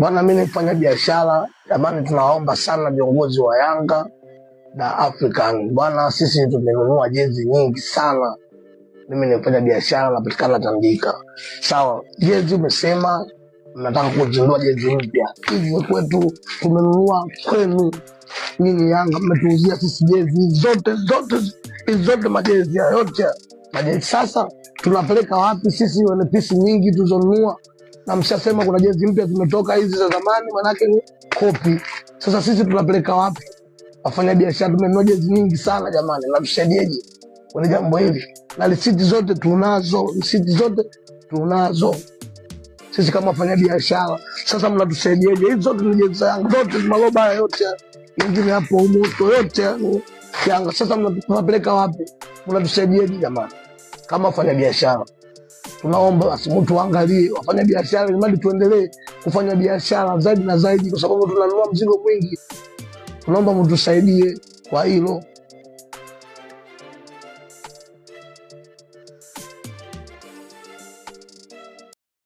Bwana, mimi nifanya biashara jamani, tunaomba sana viongozi wa Yanga na African bwana, sisi tumenunua jezi nyingi sana. Mimi nimefanya biashara napatikana Tandika. Sawa, jezi umesema mnataka kuzindua jezi mpya, hivyo kwetu tumenunua kwenu nyinyi Yanga, mmetuuzia sisi jezi zote zote zote, majezi yote majezi. Sasa tunapeleka wapi sisi wenye pisi nyingi tulizonunua? na mshasema kuna jezi mpya zimetoka hizi za zamani, manake ni kopi. Sasa sisi tunapeleka wapi? Wafanya biashara tumenunua jezi nyingi sana jamani, natusaidiaje kwenye jambo hili? Na risiti zote tunazo, risiti zote tunazo sisi kama wafanya biashara. Sasa mnatusaidieje? Hizi zote ni jezi za Yanga zote, magoba yote mengine hapo umoto yote yaani Yanga. Sasa mnapeleka wapi? Mnatusaidieje jamani, kama wafanya biashara? tunaomba basi angalie wafanya biashara ili tuendelee kufanya biashara zaidi na zaidi, kwa sababu tunanunua mzigo mwingi. Tunaomba mtusaidie kwa hilo.